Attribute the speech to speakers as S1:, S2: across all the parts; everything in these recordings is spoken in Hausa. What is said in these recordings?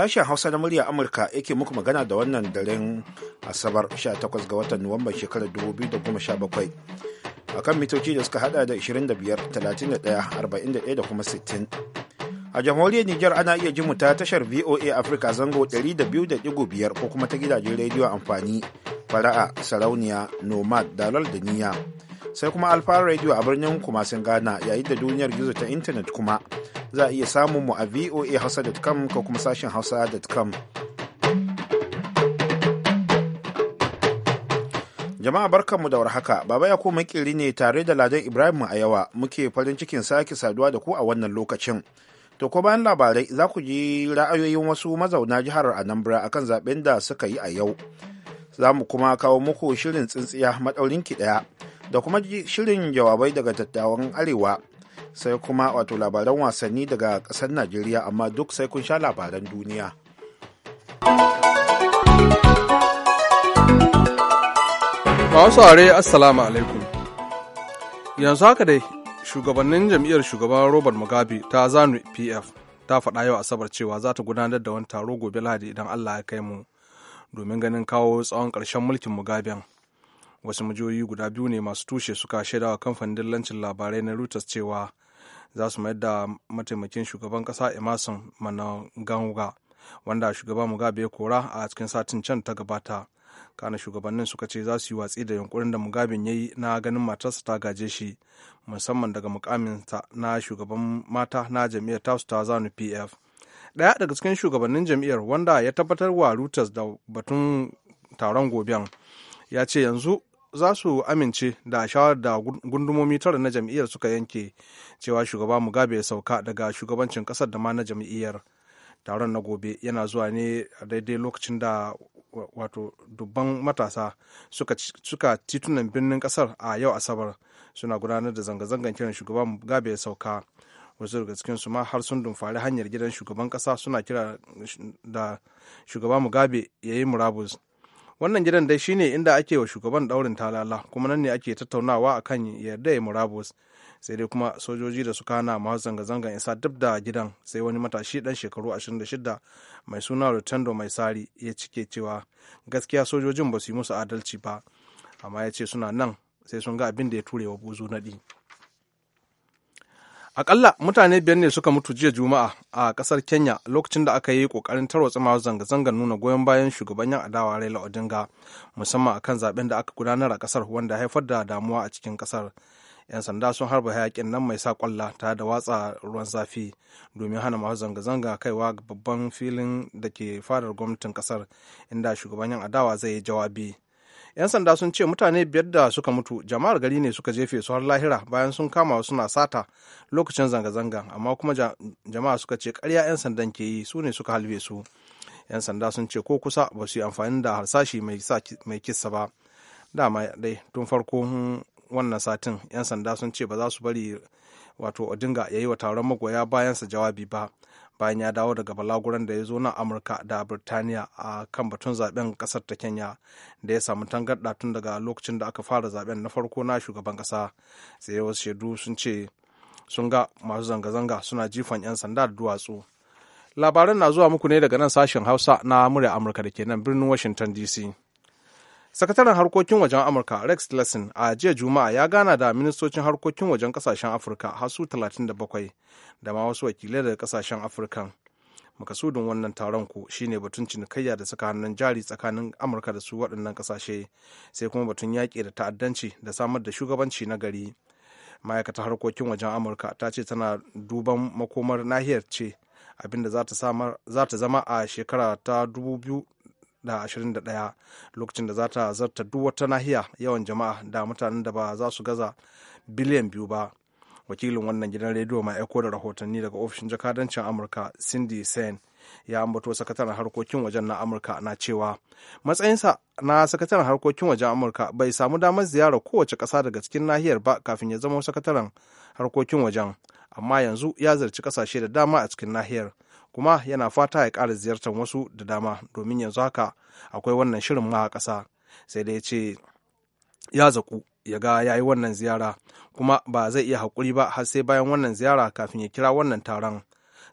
S1: Sashen Hausa na murya Amurka yake muku magana da wannan daren Asabar 18 ga watan Nuwamban shekarar 2017. akan mitoci da suka hada da 25, 31, 41 da kuma 60. A jamhuriyar Nijar ana iya jimu ta tashar VOA Africa zango 200.5 ko kuma ta gidajen rediyo amfani, fara'a, sarauniya, nomad, dalar da niyya. sai kuma alfa radio a birnin kumasin ghana yayin da duniyar gizo ta intanet kuma za a iya samun mu a voa hausa.com ko kuma sashen hausa.com jama'a barkanmu da warhaka baba ya kuma makiri ne tare da ladan ibrahim a yawa muke farin cikin sake saduwa da ku a wannan lokacin to ko bayan labarai za ku ji ra'ayoyin wasu mazauna jihar anambra akan zaben da suka yi a yau za mu kuma kawo muku shirin tsintsiya maɗaurin ki ɗaya da kuma shirin jawabai daga dattawan arewa sai kuma wato labaran wasanni daga ƙasar najeriya amma duk sai kun sha labaran duniya
S2: masu are assalamu alaikum yanzu haka dai shugabannin jam'iyyar shugaban robert mugabe ta zanu pf ta faɗa yau asabar cewa za ta gudanar da wani taro gobe lahadi idan allah ya kai mu domin ganin kawo tsawon ƙarshen mulkin mugabe. wasu majiyoyi guda biyu ne masu tushe suka shaida wa kamfanin dillancin labarai na reuters cewa za su mayar da mataimakin shugaban kasa emerson mananganga wanda shugaban mugabe ya kora a cikin satin can ta gabata kana shugabannin suka ce za su yi watsi da yunkurin da mugabin ya yi na ganin matarsa ta gaje shi musamman daga mukaminsa na shugaban mata na jami'ar tasu ta zanu pf ɗaya daga cikin shugabannin jami'ar wanda ya tabbatar wa reuters da batun taron goben ya ce yanzu za su amince da shawarar da gundumomi tara na jam'iyyar suka yanke cewa shugaba mugabe ya sauka daga shugabancin kasar da ma na jam'iyyar taron na gobe yana zuwa ne a daidai lokacin da wato dubban matasa suka titunan birnin kasar a yau asabar suna gudanar da zanga-zangan kiran shugaba gabe ya sauka wasu daga cikin su ma har sun dumfari hanyar gidan shugaban kasa suna kira da shugaba mugabe ya yi murabus wannan gidan dai shine inda ake wa shugaban daurin talala kuma nan ne ake tattaunawa a kan yarda ya murabus sai dai kuma sojoji da suka hana masu zanga-zangan isa duk da gidan sai wani matashi dan shekaru 26 mai suna rotundo mai sari ya cike cewa gaskiya sojojin ba su yi musu adalci ba amma ya ce suna nan sai sun ga abin da ya ture wa buzu naɗi. akalla mutane biyar ne suka mutu jiya juma'a a kasar kenya lokacin da aka yi kokarin tarwatsa masu zanga-zangar nuna goyon bayan shugaban yan adawa raila odinga musamman akan zaben da aka gudanar a kasar wanda haifar da damuwa a cikin kasar yan sanda sun harba hayakin nan mai sa kwalla tare da watsa ruwan zafi domin hana masu zanga-zanga kaiwa babban filin da ke fadar gwamnatin kasar inda shugaban yan adawa zai yi jawabi 'yan sanda sun ce mutane biyar da suka mutu jama'ar gari ne suka jefe su har lahira bayan sun kama suna sata lokacin zanga-zanga amma kuma jama'a suka ce karya 'yan sandan ke yi su ne suka halbe su 'yan sanda sun ce ko kusa ba su yi amfani da harsashi mai kisa ba dama dai tun farko wannan satin 'yan sanda sun ce ba za su bari wato odinga ya yi wa taron magoya bayansa jawabi ba bayan ya dawo daga balaguran da ya zo na amurka da birtaniya a kan batun zaben kasar ta kenya da ya samu tangarɗa tun daga lokacin da aka fara zaben na farko na shugaban kasa sai wasu shaidu sun ce sun ga masu zanga-zanga suna jifan 'yan sanda da duwatsu labaran na zuwa muku ne daga nan sashen hausa na murya amurka da ke nan birnin washington dc sakataren harkokin wajen amurka rex tillerson a jiya juma'a ya gana da ministocin harkokin wajen kasashen afirka hasu 37 da ma wasu wakilai daga kasashen afirka makasudin wannan taron ku shine batun cinikayya da suka hannun jari tsakanin amurka da su waɗannan kasashe sai kuma batun yaƙi da ta'addanci da samar da shugabanci na gari ma'aikatar harkokin wajen amurka ta ce tana duban makomar nahiyar ce abinda za ta zama a shekara ta da 21 lokacin da za ta zarta duk wata nahiya yawan jama'a da mutanen da ba za su gaza biliyan biyu ba wakilin wannan gidan rediyo mai aiko da rahotanni daga ofishin jakadancin amurka cindy sen ya ambato sakataren harkokin wajen na amurka na cewa matsayinsa na sakataren harkokin wajen amurka bai samu damar ziyarar kowace ƙasa daga cikin nahiyar ba kafin ya zama sakataren harkokin wajen amma yanzu ya zarci ƙasashe da dama a cikin nahiyar kuma yana fata ya ƙara ziyartar wasu da dama domin yanzu haka akwai wannan shirin ma a ƙasa sai da ya ce ya zaku ya ga ya yi wannan ziyara kuma ba zai iya haƙuri ba har sai bayan wannan ziyara kafin ya kira wannan taron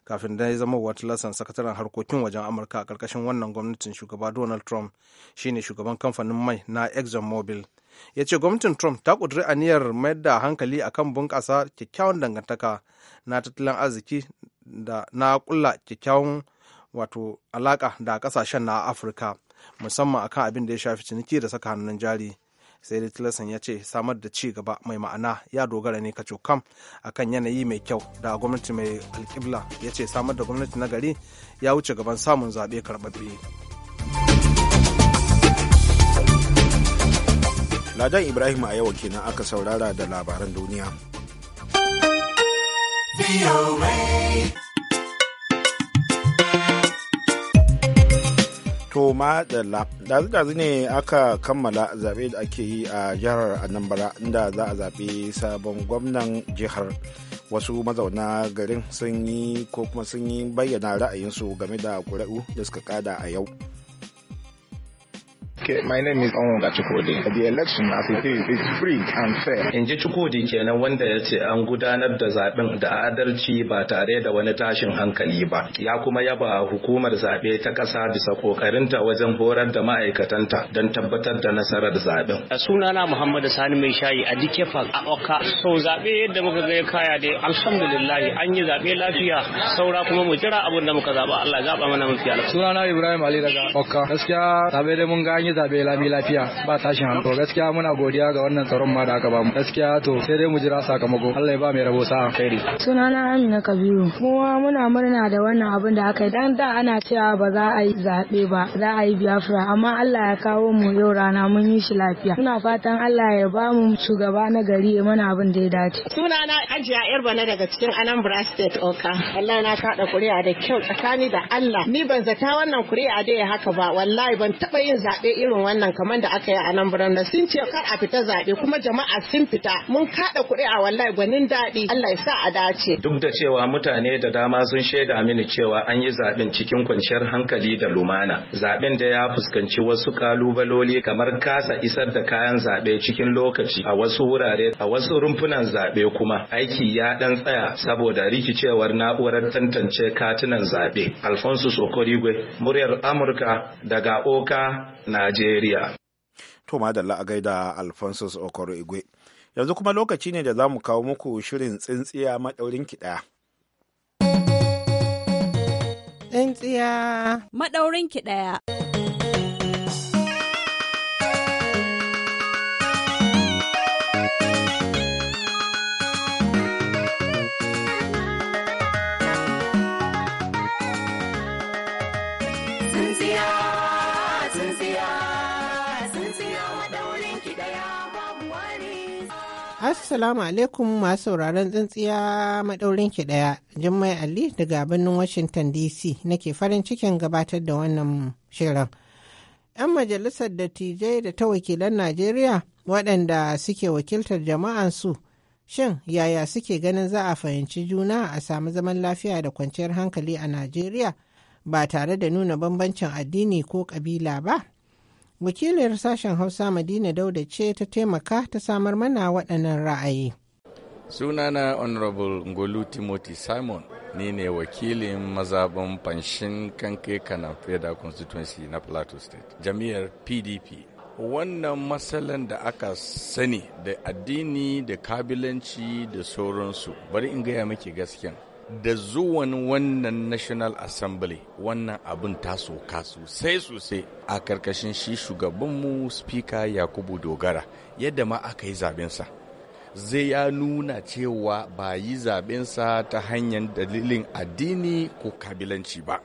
S2: kafin da ya zama wata lasan sakataren harkokin wajen amurka a ƙarƙashin wannan gwamnatin shugaba donald trump shine shugaban kamfanin mai na exxon mobil ya ce gwamnatin trump ta ƙudiri niyyar mayar da hankali akan bunƙasa kyakkyawan dangantaka na tattalin arziki da na kulla kyakkyawan wato alaka da kasashen na afirka musamman akan abin da ya shafi ciniki da saka hannun jari sai dai tilasan ya ce samar da ci gaba mai ma'ana ya dogara ne kaco kam akan yanayi mai kyau da gwamnati mai alkibla ya ce samar da gwamnati na gari ya wuce gaban samun zaɓe karɓaɓɓe
S1: ladan ibrahim a yau kenan aka saurara da labaran duniya toma da dazu-dazu ne aka kammala zaɓe da ake yi a jihar anambra inda za a zaɓi sabon gwamnan jihar wasu mazauna garin sun yi ko kuma sun yi bayyana ra'ayinsu game da ƙuri'u da suka kada a yau
S3: Okay, my name is Onwuga Chukwudi. The election as it is is free and fair. In ji
S4: Chukwudi kenan wanda ya ce an gudanar da zaben da adalci ba tare da wani tashin hankali ba. Ya kuma yaba hukumar zabe ta ƙasa bisa kokarinta wajen horar da ma'aikatanta don tabbatar da nasarar zaben. A sunana Muhammadu Sani mai shayi a fa a Oka. So zabe yadda muka ga ya kaya dai alhamdulillah an yi zabe lafiya saura kuma mu jira abin da muka zaba Allah zaba mana mafi alfa. Sunana
S2: Ibrahim Ali daga Oka. Gaskiya zabe dai mun ga an yi zabe lami lafiya ba tashin hanko gaskiya muna godiya ga wannan tsaron ma da aka bamu gaskiya to sai dai mu jira sakamako Allah ya ba mai rabo sa'a kai
S1: sunana Amina Kabiru kuma muna murna da wannan abin da aka yi dan da ana cewa ba za a yi zaɓe ba za a yi Biafra amma Allah ya kawo mu yau rana mun yi shi lafiya muna fatan Allah ya ba mu shugaba na gari ya
S3: mana abin da ya dace sunana Hajiya Yarbana daga cikin Anambra State Oka Allah na kada kuri'a da kyau tsakani da Allah ni ban zata wannan kuri'a dai haka ba wallahi ban taba yin zabe irin wannan kamar da aka yi a nan birnin sun ce kar a fita zaɓe kuma jama'a sun fita mun kaɗa kuɗi a wallahi gwanin daɗi Allah ya sa a dace.
S4: Duk da cewa mutane da dama sun shaida mini cewa an yi zaɓen cikin kwanciyar hankali da lumana. Zaɓen da ya fuskanci wasu kalubaloli kamar kasa isar da kayan zaɓe cikin lokaci a wasu wurare a wasu rumfunan zaɓe kuma aiki ya ɗan tsaya saboda rikicewar na'urar tantance katunan zaɓe. Alfonso Sokorigwe, muryar Amurka daga Oka, Najeriya.
S1: To madalla a gaida Alphonsus Okoro Igwe. Yanzu kuma lokaci ne da za mu kawo muku shirin tsintsiya maɗaurin kiɗa.
S3: Tsintsiya maɗaurin kiɗaya. Assalamu alaikum masu sauraron tsintsiya maɗaurin ki ɗaya, Jummai Ali daga birnin Washington DC nake farin cikin gabatar da wannan shirin. 'Yan majalisar da dattijai da ta wakilan Najeriya waɗanda suke wakiltar jama'ansu shin yaya suke ganin za a fahimci juna a samu zaman lafiya da kwanciyar hankali a Najeriya ba tare da nuna bambancin addini ko ƙabila ba? wakiliyar sashen hausa madina dauda ce ta taimaka ta samar mana waɗannan ra'ayi
S5: sunana honorable ngolu timothy simon ni ne wakilin mazaɓin fanshin kanke kanan federal constituency na plateau state jami'ar pdp wannan matsalan da aka sani da addini da kabilanci da sauransu bari in gaya maki gaskiya da zuwan wannan national assembly wannan abin ta ka sosai sosai a karkashin shi shugabanmu speaker yakubu dogara yadda ma aka yi zabensa zai ya nuna cewa ba yi zabensa ta hanyar dalilin addini ko kabilanci ba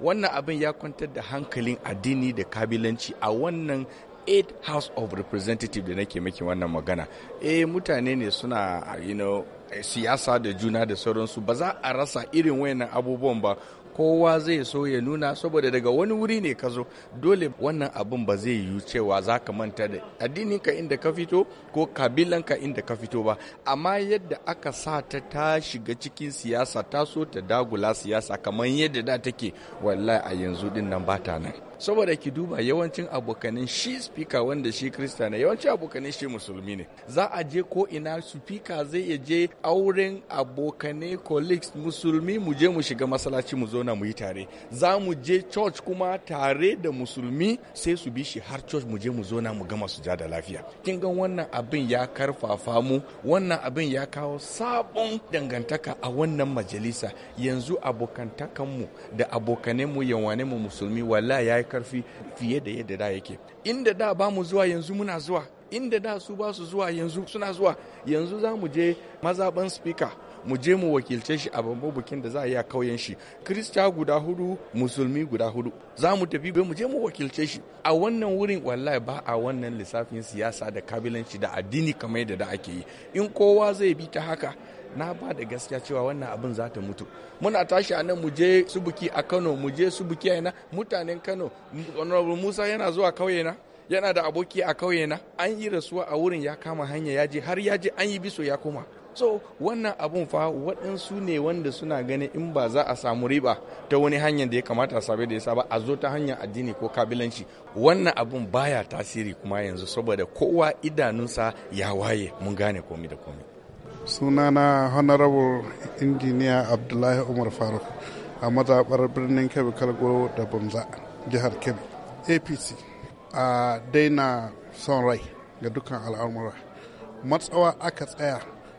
S5: wannan abin ya kwantar da hankalin addini da kabilanci a wannan 8 house of representative da nake maki wannan magana eh mutane ne suna you know Eh, siyasa da juna da sauransu ba za a rasa irin wayannan abubuwan ba kowa zai so ya nuna saboda daga wani wuri ne ka zo dole wannan abin ba zai yiwu cewa za ka manta da addininka inda ka fito ko kabilanka inda ka fito ba amma yadda aka sa ta ta shiga cikin siyasa ta so ta dagula siyasa kamar yadda da take wallahi a yanzu din nan ba ta nan saboda ki duba yawancin abokanin shi speaker wanda shi krista ne yawancin abokanin shi musulmi ne za a je ko ina speaker zai iya je auren abokanai colleagues musulmi mu je mu shiga masallaci mu zo na mu yi tare za mu je church kuma tare da musulmi sai su bi shi har church mu je mu zo na mu gama su ja da lafiya kin ga wannan abin ya karfafa mu wannan abin ya kawo sabon dangantaka a wannan majalisa yanzu abokantakanmu da abokanai mu yawane mu musulmi wallahi ya karfi fiye da yadda da yake inda da ba mu zuwa yanzu muna zuwa inda da su ba su zuwa yanzu suna zuwa yanzu za mu je mazaban speaker mu je mu wakilce shi a babban bukin da za a yi a kauyen shi kirista guda hudu musulmi guda hudu za mu tafi mu je mu wakilce shi a wannan wurin wallahi ba a wannan lissafin siyasa da kabilanci da addini kamar yadda da ake yi in kowa zai bi ta haka na ba da gaskiya cewa wannan abin za ta mutu muna tashi a nan muje je subuki a kano muje je subuki a mutanen kano honorable musa yana zuwa kauye na yana da aboki a kauye na an yi rasuwa a wurin ya kama hanya ya je har ya je an yi biso ya koma so wannan abun fa waɗansu ne wanda suna ganin in ba za a samu riba ta wani hanyar da ya kamata sabe da ya saba a zo ta hanyar addini ko kabilanci wannan abun baya tasiri kuma yanzu saboda kowa idanunsa ya waye mun gane komi da komi
S6: sunana honorable injiniya abdullahi umar faruk a mazaɓar birnin kebbi kalgo da bunza jihar kebbi apc a daina son rai ga dukkan al'amura matsawa aka tsaya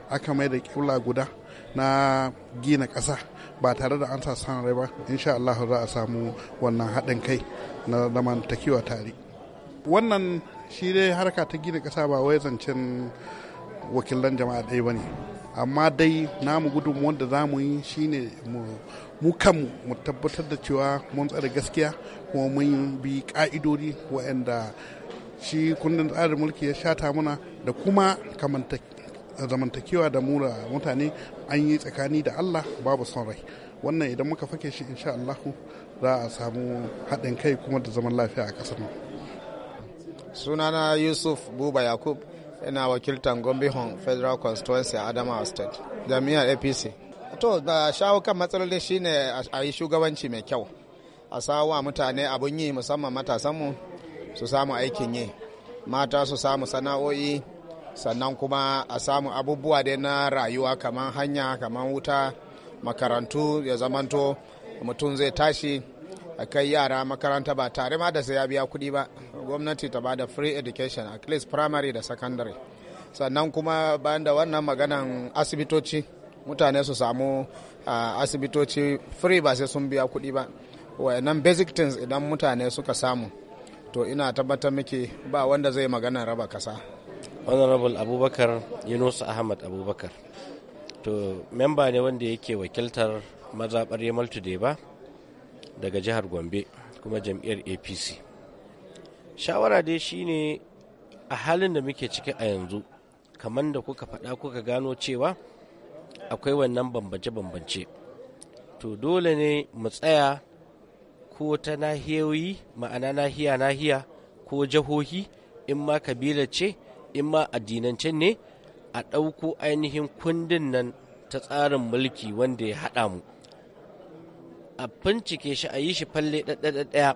S6: aka mai da kibla guda na gina ƙasa ba tare da an sa son rai ba insha Allah za a samu wannan haɗin kai na zamantakewa tare wannan shi dai harka ta gina ƙasa ba wai zancen wakilan jama'a ɗaya ba ne amma dai namu gudun wanda za mu yi shine mu kanmu mu tabbatar da cewa mun tsara gaskiya kuma mun bi ka'idodi wa'anda shi kundin tsarin mulki ya shata muna da kuma zamantakewa da mura mutane an yi tsakani da allah babu son rai wannan idan muka fake shi insha allahu za a samu haɗin kai kuma da zaman lafiya a ƙasar nan
S1: sunana yusuf buba yakub ina wakiltan gombe Hong federal constituency a adamawa state jami'ar apc to da shawo kan matsaloli shine a yi shugabanci mai kyau a sawa mutane abun yi musamman matasanmu su samu aikin yi mata su samu sana'o'i sannan kuma a samu abubuwa dai na rayuwa kamar hanya kamar wuta makarantu ya zamanto mutum zai tashi a kai yara makaranta ba tare ma da sai ya biya kuɗi ba gwamnati ta bada free education at least primary da secondary sannan kuma bayan da wannan maganan asibitoci mutane su samu asibitoci free ba sai sun biya kuɗi ba wayannan basic things idan mutane suka samu to ina tabbatar miki ba wanda zai magana raba kasa
S7: honorable abubakar yunus ahmad abubakar to memba ne wanda yake wakiltar mazabar yamal ba daga jihar gombe kuma jam'iyyar apc shawara dai shine a halin da muke ciki a yanzu kamar da kuka faɗa kuka gano cewa akwai wannan bambance-bambance to dole ne mu tsaya ko ta nahiyoyi ma'ana nahiya-nahiya ko jihohi in ma kabila ce in ma addinance ne a ɗauko ainihin kundin nan ta tsarin mulki wanda ya haɗa mu a bincike shi a yi shi falle ɗaya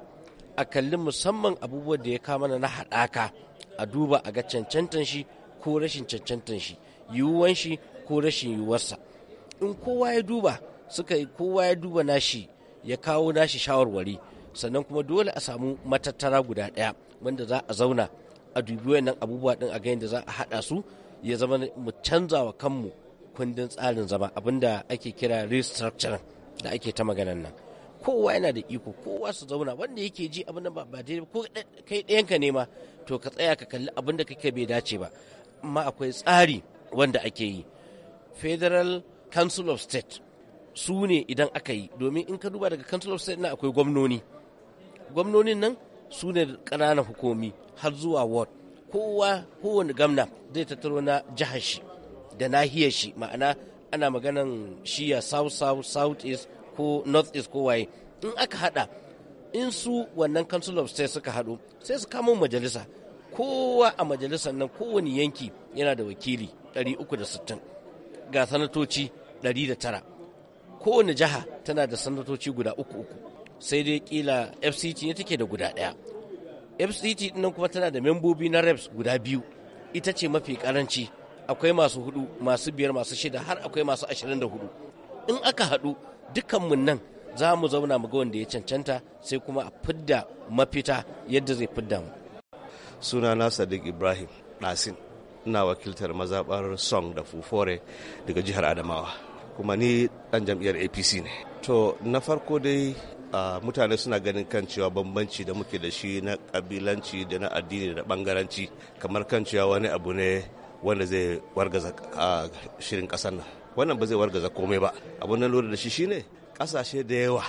S7: a kalli musamman abubuwan da ya kama na haɗaka a duba a ga cancantan shi ko rashin cancantan shi yiwuwan shi ko rashin yiwuwarsa in kowa ya duba suka yi kowa ya duba nashi ya kawo nashi shawarwari sannan kuma dole a samu matattara guda ɗaya wanda za a zauna a dubi wannan abubuwa ɗin a ga yadda za a haɗa su ya zama mu canza wa kanmu kundin tsarin zama abinda ake kira restructuring da ake ta maganan nan kowa yana da iko kowa su zauna wanda yake ji abin ba ba dai ko kai ka ne ma to ka tsaya ka kalli abin da kake bai dace ba amma akwai tsari wanda ake yi federal council of state su ne idan aka yi domin in ka duba daga council of state na akwai gwamnoni gwamnonin nan su ne ƙananan hukumi har zuwa ward kowa kowane gamna zai tattaro na jihar shi da nahiyar shi ma'ana ana maganan shiya south south south east ko north east ko waye in aka hada in su wannan council of state suka hadu sai su kamo majalisa kowa a majalisar nan kowane yanki yana da wakili 360 ga sanatoci 109 kowani jiha tana da sanatoci guda uku uku sai dai kila fct ne take da guda daya fct nan kuma tana da membobi na reps guda biyu ita ce mafi karanci akwai masu hudu masu biyar masu shida har akwai masu ashirin da hudu in aka haɗu dukkanmu nan
S4: za mu zauna mu ga wanda ya cancanta sai kuma a fidda mafita yadda zai fidda mu sunana sadiq ibrahim nasin ina wakiltar mazaɓar song da fufore daga jihar adamawa kuma ni ɗan jam'iyyar apc ne to na farko dai mutane suna ganin kan cewa bambanci da muke da shi na kabilanci da na addini da bangaranci kamar kan cewa wani abu ne wanda zai wargaza shirin ƙasar nan wannan ba zai wargaza komai ba abin da lura da shi shine ƙasashe da yawa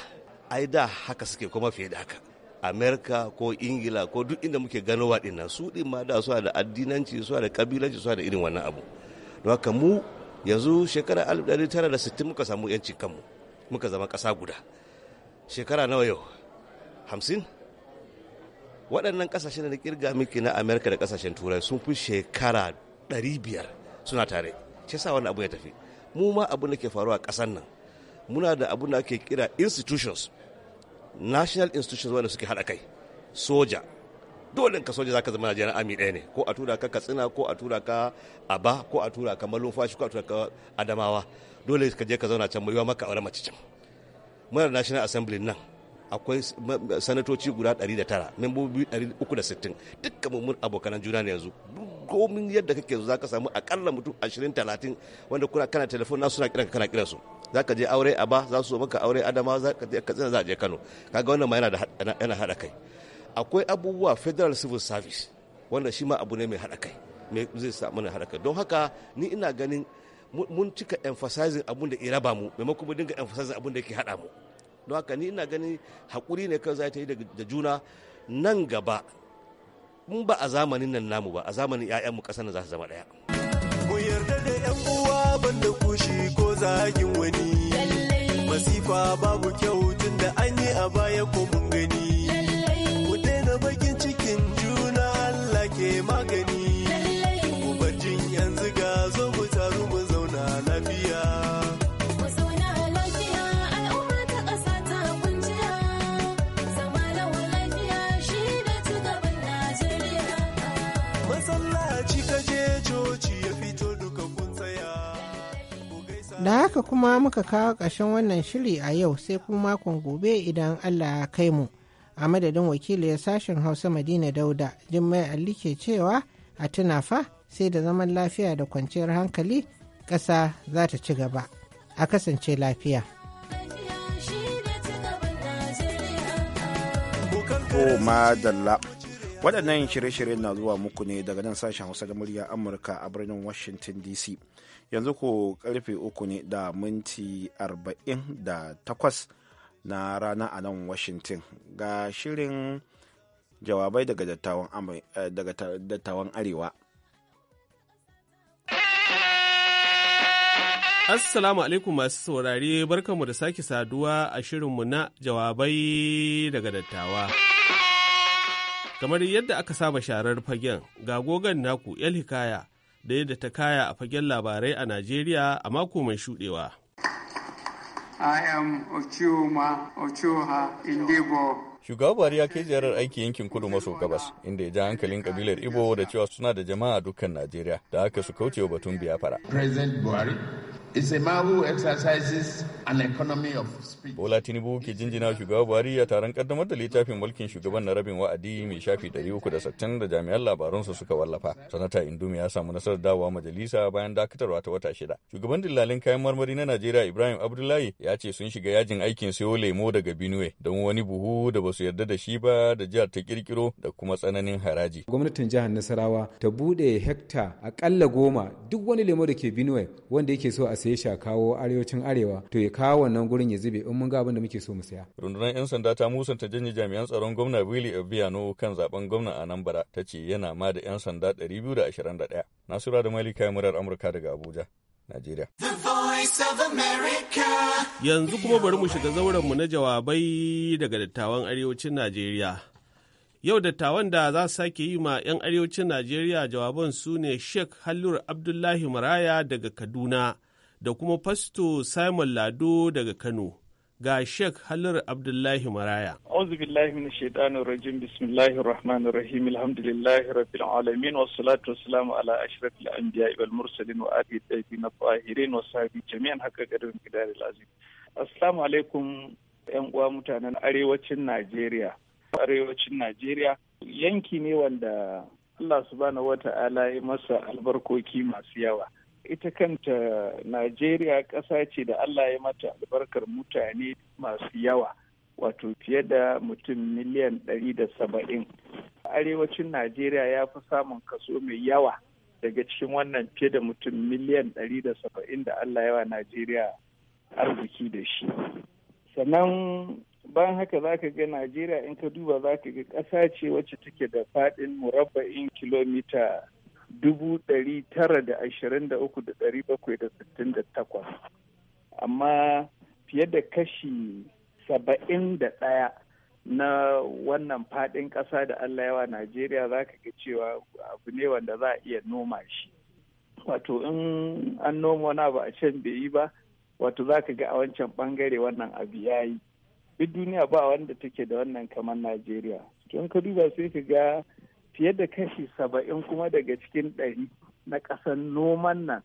S4: ai da haka suke kuma fiye da haka amerika ko ingila ko duk inda muke gano din nan su din ma da su da addinanci su da kabilanci su da irin wannan abu don haka mu yanzu shekara 1960 muka samu yancin kanmu muka zama ƙasa guda shekara nawa yau hamsin waɗannan ƙasashen da kirga miki na amerika da ƙasashen turai sun fi shekara 500 suna tare shi sa wannan abu ya tafi mu ma abu da ke faruwa a ƙasar nan muna da abu da ake kira institutions national institutions wanda suke haɗa kai soja dole ka soja zaka zama Najeriya ami ɗaya ne ko a tura ka Katsina ko a tura ka Aba ko a tura ka Malumfashi ko a tura ka Adamawa dole ka je ka zauna can mai maka a mace can muna da National Assembly nan akwai sanatoci guda 900 membobi 360 dukkan mun abokanan juna ne yanzu domin yadda kake za ka samu akalla mutum 20 30 wanda kuna kana telefon na suna kiran kana kiran su za ka je aure a ba za su maka aure adama za ka je katsina za a je kano kaga wannan ma yana haɗa kai akwai abubuwa federal civil service wanda shi ma abu ne mai haɗa kai zai sa mana haɗa kai don haka ni ina ganin mun cika emphasizing abun da ya raba mu maimakon mu dinga emphasizing abun da yake haɗa mu don haka ni ina ganin haƙuri ne kan za ta yi da juna nan gaba in ba a zamanin nan namu ba a zamanin 'ya'yanmu ƙasar nan za su zama ɗaya. ku yarda da 'yan uwa banda kushi ko zagin wani masifa babu kyau tun da an yi a baya ko mun
S3: haka kuma muka kawo ƙarshen wannan shiri a yau sai kuma makon gobe idan Allah ya kai mu. A madadin wakili wakiliyar sashen Hausa Madina Dauda, Jummai Ali ke cewa a tuna fa sai da zaman lafiya da kwanciyar hankali ƙasa za ta ci gaba. A kasance lafiya.
S8: Oh,
S1: waɗannan shirye-shiryen na zuwa muku ne daga nan sashen hausa da murya amurka a birnin washington dc yanzu ko karfe uku ne da minti 48 na rana a nan washington ga shirin jawabai daga dattawan eh, arewa
S9: Assalamu alaikum masu saurari barkanmu da sake saduwa a shirinmu na jawabai daga dattawa. Kamar yadda aka saba sharar fagen ga gogan naku 'yan Hikaya da yadda ta kaya a fagen labarai a Najeriya a mako mai shudewa.
S6: I am
S9: shugaba buhari ya kai ziyarar aiki yankin kudu maso gabas inda ya ja
S5: hankalin kabilar ibo da cewa suna da jama'a dukkan najeriya da haka su kaucewa batun biyafara
S6: president buhari is a exercises
S5: Bola Tinubu ke jinjina shugaba Buhari ya taron kaddamar da littafin mulkin shugaban na rabin wa'adi mai shafi 360 da jami'an labaransa suka wallafa. Sanata Indumi ya samu nasarar dawowa majalisa bayan dakatarwa ta wata shida. Shugaban dillalin kayan marmari na Najeriya Ibrahim Abdullahi ya ce sun shiga yajin aikin sayo lemo daga Benue don wani buhu da ba su yarda da shi ba da jihar ta kirkiro da kuma tsananin haraji.
S1: Gwamnatin jihar Nasarawa ta bude hekta akalla goma duk wani lemo da ke Benue wanda yake so a saye shi a kawo arewacin arewa to ya kawo wannan gurin ya zube in mun ga abin da muke so mu
S2: saya.
S5: Rundunar 'yan sanda ta musanta janye jami'an tsaron gwamna Willy Obiano kan zaben gwamna a Anambra ta ce yana ma da 'yan sanda 221. Nasura da Malika murar Amurka daga Abuja,
S9: Najeriya. Yanzu kuma bari mu shiga zauren mu na jawabai daga dattawan arewacin Najeriya. Yau dattawan da za su sake yi ma 'yan arewacin Najeriya jawaban su ne Sheikh Hallur Abdullahi Maraya daga Kaduna. da kuma fasto Simon Lado daga Kano. Ga Sheikh Halar Abdullahi Maraya.
S10: Auzu billahi min shaitanir rajim bismillahir rahmanir rahim alhamdulillahi rabbil alamin was salatu was salamu ala ashrafil anbiya wal mursalin wa ali tayyibin tahirin wa sahbi jami'an haka gadon qidaril azim. Assalamu alaikum yan uwa mutanen arewacin Najeriya. Arewacin Najeriya yanki ne wanda Allah subhanahu wata'ala ya masa albarkoki masu yawa. ita kanta najeriya ƙasa ce da allah ya mata albarkar mutane masu yawa wato fiye da mutum miliyan ɗari da saba'in arewacin najeriya ya fi samun kaso mai yawa daga cikin wannan fiye da mutum miliyan ɗari da saba'in da allah yawa najeriya arziki da shi sannan ban haka za ka ga najeriya in ka duba za ka ga ƙasa ce wacce take da faɗin murabba'in kilomita Dubu da takwas amma fiye da kashi saba'in da ɗaya na wannan faɗin kasa da Allah yawa Najeriya za ka ga cewa abu ne wanda za a iya noma shi. Wato in an noma wani abu a can bai yi ba, wato za ka ga a wancan ɓangare wannan abu ya yi. duniya ba wanda take da wannan kamar Najeriya. Don ka duba sai ka ga fiye da kashi saba'in kuma daga cikin ɗari na ƙasar noman nan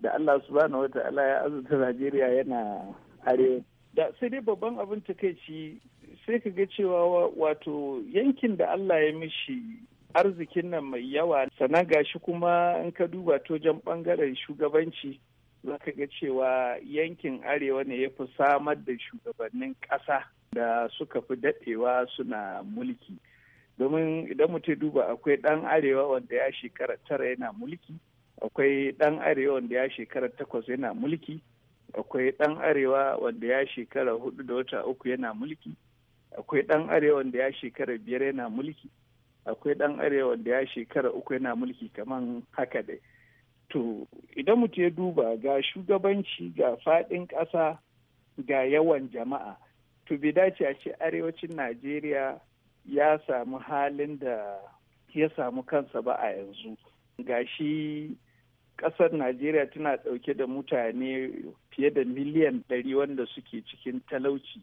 S10: da Allah subhanahu wa ta'ala ya azurta Najeriya yana arewa. Da sai dai babban abin takaici sai ka ga cewa wato yankin da Allah ya mishi arzikin nan mai yawa sannan gashi kuma in ka duba tojan bangaren shugabanci za ka ga cewa yankin arewa ne ya fi samar da shugabannin ƙasa da suka fi daɗewa suna mulki. domin idan mutum duba akwai dan arewa wanda ya shekara tara yana mulki akwai dan arewa wanda ya shekara takwas yana mulki akwai dan arewa wanda ya shekara hudu da wata uku yana mulki akwai dan arewa wanda ya shekara biyar yana mulki akwai dan arewa wanda ya shekara uku yana mulki kaman haka dai to idan mu ya duba ga shugabanci ga fadin kasa ga yawan jama'a to bai dace a ce arewacin najeriya ya samu halin da ya samu kansa ba a yanzu gashi ƙasar najeriya tana ɗauke da mutane fiye da miliyan ɗari wanda suke cikin talauci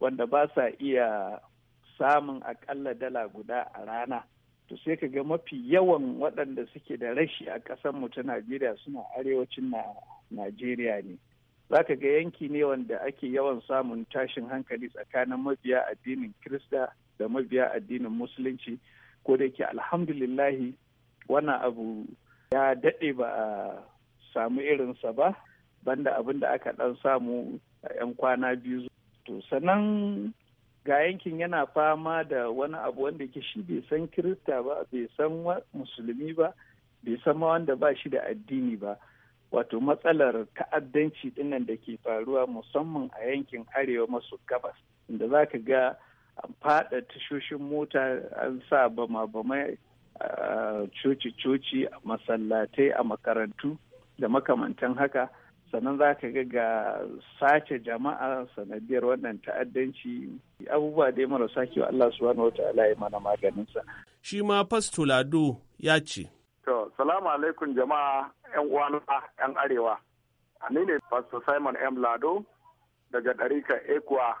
S10: wanda ba sa iya samun aƙalla dala guda a rana to sai ka ga mafi yawan waɗanda suke da rashi a ƙasar mu ta najeriya suna arewacin na najeriya ne za ka ga yanki ne wanda ake yawan samun tashin hankali tsakanin mabiya addinin kirista da mabiya addinin musulunci ko da yake alhamdulillahi wannan abu ya daɗe ba a samu irinsa ba banda abin da aka ɗan samu a 'yan kwana biyu to sannan ga yankin yana fama da wani abu wanda ke shi bai san kirista ba bai san musulmi ba bai san ma wanda ba shi da addini ba wato matsalar ta'addanci dinnan da ke faruwa musamman a yankin arewa maso gabas inda za ka ga an fada tashoshin mota an sa bama coci-coci a masallatai a makarantu da makamantan haka sannan za ka ga sace jama'a sanadiyar wannan ta'addanci abubuwa dai marasa kiwa Allah subhanahu wataala ya mana maganinsa.
S9: Shi ma Fasto Lado ya ce. To, salamu alaikum jama'a 'yan uwana 'yan arewa.
S11: Ni ne Pastor Simon M. Lado daga ɗarika Ekwa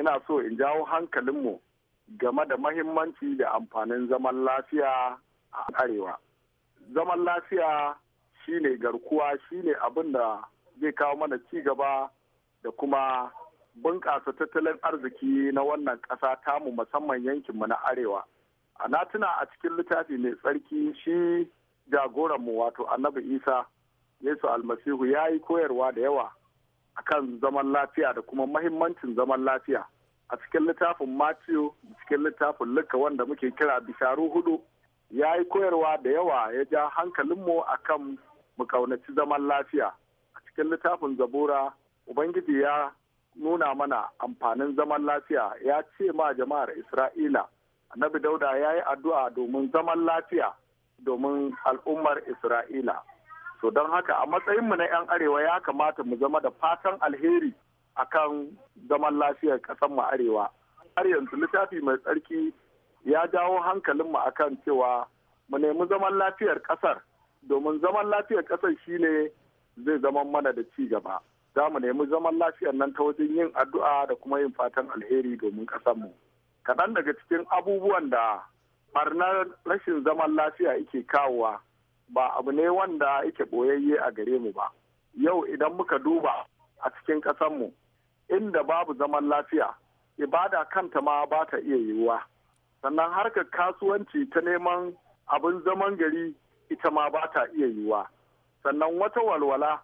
S11: ina so in jawo hankalinmu game da mahimmanci da amfanin zaman lafiya a arewa zaman lafiya shine garkuwa shine abin da zai kawo mana ci gaba da kuma bunƙasa tattalin arziki na wannan ƙasa tamu musamman yankinmu na arewa a na tuna a cikin littafi mai tsarki shi jagoranmu wato annabi isa yesu almasihu ya yi koyarwa da yawa akan zaman lafiya da kuma mahimmancin zaman lafiya a cikin littafin Matthew cikin littafin Luka wanda muke kira bisharu hudu ya yi koyarwa da yawa ya ja hankalinmu akan mu kaunaci zaman lafiya a cikin littafin zabura ubangiji ya nuna mana amfanin zaman lafiya ya ce ma jama'ar isra'ila annabi dauda ya yi addu'a domin zaman lafiya domin al'ummar isra'ila to don haka a matsayinmu na 'yan arewa ya kamata mu zama da fatan alheri akan zaman lafiyar mu arewa har yanzu littafi mai tsarki ya jawo hankalinmu akan cewa mu nemi zaman lafiyar ƙasar domin zaman lafiyar ƙasar shine zai zama mana da ci gaba za mu nemi zaman lafiyar nan ta wajen yin addu'a da kuma yin fatan alheri domin mu kaɗan daga cikin abubuwan da barnar rashin zaman lafiya yake kawowa ba abu ne wanda yake boyayye a gare mu ba yau idan muka duba a cikin ƙasanmu inda babu zaman lafiya ibada kanta ma ba ta iya yiwuwa sannan harkar kasuwanci ta neman abin zaman gari ita ma ba ta iya yiwuwa sannan wata walwala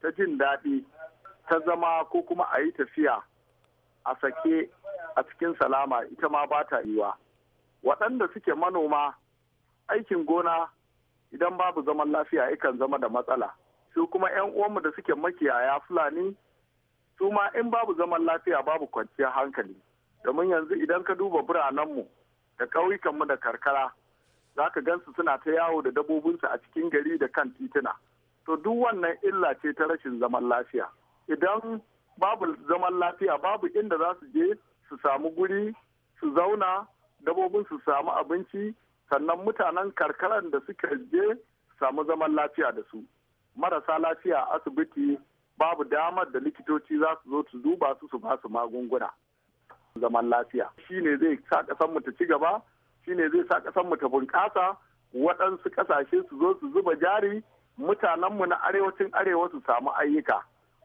S11: ta jin daɗi ta zama ko kuma a yi tafiya a sake a cikin salama ita ma ba ta yiwa waɗanda suke manoma aikin gona idan babu zaman lafiya ikan zama da matsala su kuma 'yan uwanmu da suke makiyaya fulani su ma in babu zaman lafiya babu kwanciyar hankali domin yanzu idan ka duba biranenmu da ƙauyukanmu da karkara za ka gansu suna ta yawo da dabobinsu a cikin gari da kan tituna to duk wannan illa ce ta rashin zaman lafiya idan babu zaman lafiya babu inda za su je su samu guri su zauna dabobin su samu abinci sannan mutanen karkaran da suka je samu zaman lafiya da su marasa lafiya asibiti babu damar da likitoci za su zo su duba su su ba su magunguna zaman lafiya shi ne zai sa ƙasar mu ta ci gaba shi ne zai sa ƙasar mu ta bunƙasa waɗansu ƙasashe su zo su zuba jari mutanenmu na arewacin arewa su samu ayyuka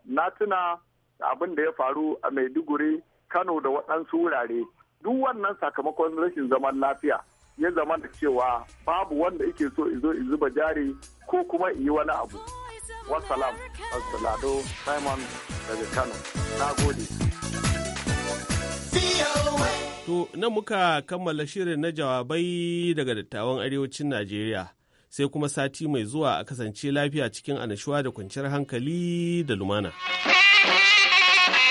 S11: na tuna abin da ya faru a maiduguri kano da waɗansu wurare duk wannan sakamakon rashin zaman lafiya ya zama da cewa babu wanda yake so izo in zuba jari ko kuma yi wani abu wasalam assalado simon daga kano na gode
S9: To, nan muka kammala shirin na jawabai daga dattawan arewacin Najeriya, sai kuma sati mai zuwa a kasance lafiya cikin anashuwa da kwanciyar hankali da lumana.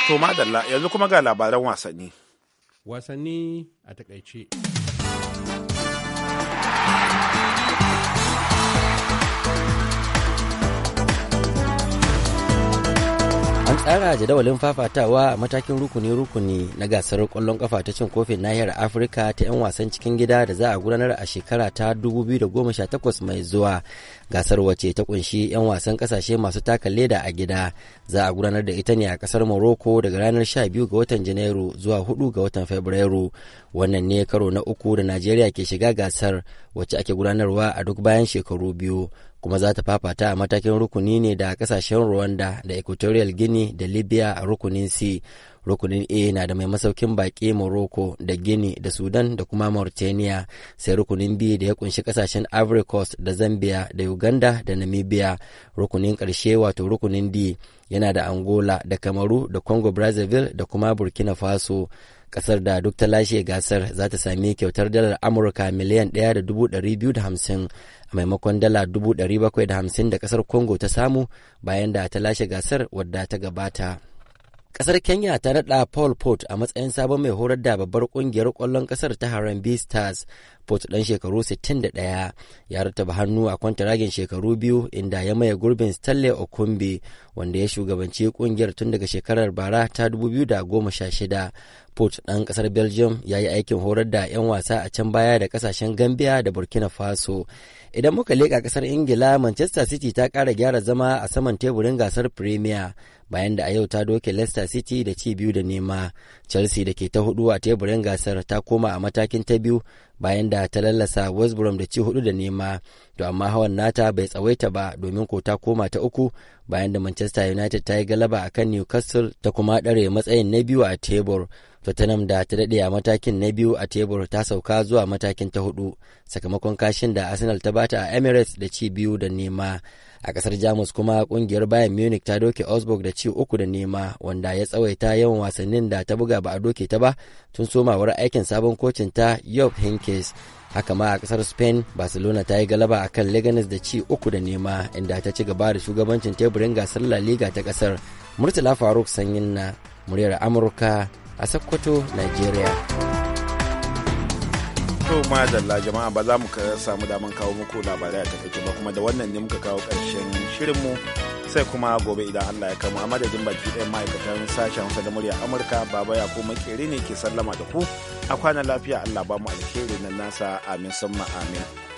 S9: To, madalla, yanzu kuma ga labaran wasanni.
S5: Wasanni a takaice.
S8: tsara jadawalin fafatawa a matakin rukuni-rukuni na gasar kwallon kafa ta cin kofin nahiyar afirka ta 'yan wasan cikin gida da za a gudanar a shekara ta 2018 mai zuwa gasar wace ta kunshi 'yan wasan kasashe masu taka leda a gida za a gudanar da ita ne a kasar morocco daga ranar 12 ga watan janairu zuwa 4 ga watan fabrairu wannan ne karo na uku da najeriya ke shiga gasar wacce ake gudanarwa a duk bayan shekaru biyu kuma za ta fafata a matakin rukuni ne da kasashen rwanda da equatorial guinea da libya a rukunin c rukunin a na da mai masaukin baki morocco da guinea da sudan da kuma mauritania sai rukunin b da ya kunshi kasashen ivory coast da zambia da uganda da namibia rukunin karshe wato rukunin d yana da angola da kamaru da congo brazzaville da kuma burkina faso kasar da duk ta lashe gasar za ta sami kyautar dalar amurka miliyan 1,250 a maimakon dala 750 da kasar congo ta samu bayan da ta lashe gasar wadda ta gabata kasar kenya ta nada paul port a matsayin sabon mai horar da babbar kungiyar kwallon kasar ta harambee stars port dan shekaru 61 ya rattaba hannu a kwantaragin shekaru biyu inda ya maye gurbin stanley okumbi wanda ya shugabanci kungiyar tun daga shekarar bara ta 2016 Port ɗan ƙasar Belgium ya yi aikin horar da 'yan wasa a can baya da ƙasashen Gambia da Burkina Faso. Idan muka leƙa ƙasar Ingila, Manchester City ta ƙara gyara zama a saman teburin gasar Premier bayan da a yau ta doke Leicester City da ci biyu da nema. Chelsea da ke ta hudu a teburin gasar ta koma a matakin ta biyu bayan da ta lallasa west brom da ci hudu da nema to amma hawan nata bai tsawaita ba domin ko ta koma ta uku bayan da manchester united ta yi galaba a kan newcastle ta kuma ɗare matsayin na biyu a tebur tottenham da ta dade a matakin na biyu a tebur ta sauka zuwa matakin ta hudu sakamakon kashin da arsenal ta bata a emirates da ci biyu da nema a kasar jamus kuma kungiyar bayan munich ta doke augsburg da ci uku da nema wanda ya tsawaita yawan wasannin da ta buga ba a doke ta ba tun somawar aikin sabon kocin ta yop hinkes haka ma a kasar spain barcelona ta yi galaba a kan leganes da ci uku da nema inda ta ci gaba da shugabancin teburin gasar la liga ta kasar murtala faruk sanyin na muryar amurka a sokoto nigeria
S1: To madalla jama'a ba za mu samu daman kawo muku labarai a takaice ba kuma da wannan ne muka kawo ƙarshen shirinmu sai kuma gobe idan Allah ya kama a madadin baki ɗaya ma'aikatan sashen Hausa da murya Amurka baba ya ko makeri ne ke sallama da ku a kwana lafiya Allah ba mu alheri nan nasa amin summa amin.